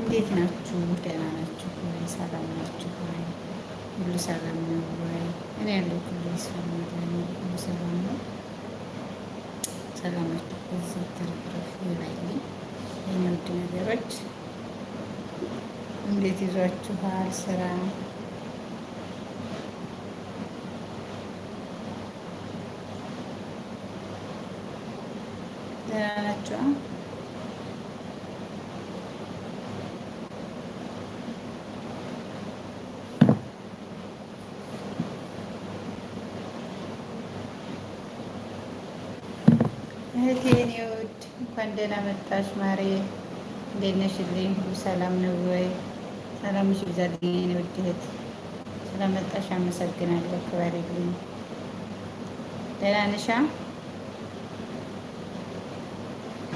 እንዴት ናችሁ? ደህና ናችሁ ወይ? ሰላም ናችሁ ወይ? ሁሉ ሰላም ነው ወይ? እኔ ያለው ሁሉ ይስፈማለን፣ ሁሉ ሰላም ነው። ሰላማችሁ በዚህ ተረፍረፍ ይበልኝ። የኔ ውድ ነገሮች እንዴት ይዟችኋል? ስራ ደህና ናችሁ? እህቴ የኔ ውድ እንኳን ደህና መጣሽ ማሬ። እንዴት ነሽልኝ? ሁሉ ሰላም ነው ወይ? ሰላምሽ ብዛልኝ የኔ ውድ እህት። ስለመጣሽ አመሰግናለሁ። ክበሬልኝ። ደህና ነሻ?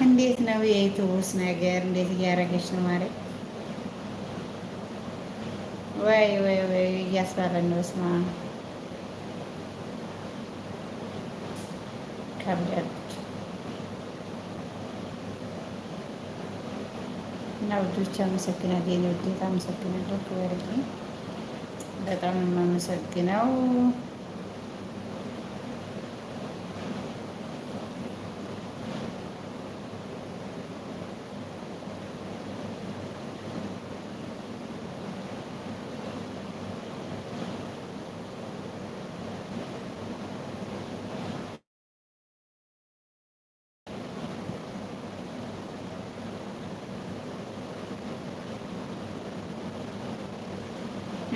እንዴት ነው የኢትዮቡስ ነገር? እንዴት እያደረገች ነው ማሬ? ወይ ወይ ወይ እያስባለን ነው። ስማ ከብዳለች እና ውዶች አመሰግናለሁ። የኔ ውዴታ አመሰግናለሁ። ክበርልኝ። በጣም የማመሰግነው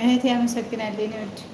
እህቴ ያመሰግናል። ኔ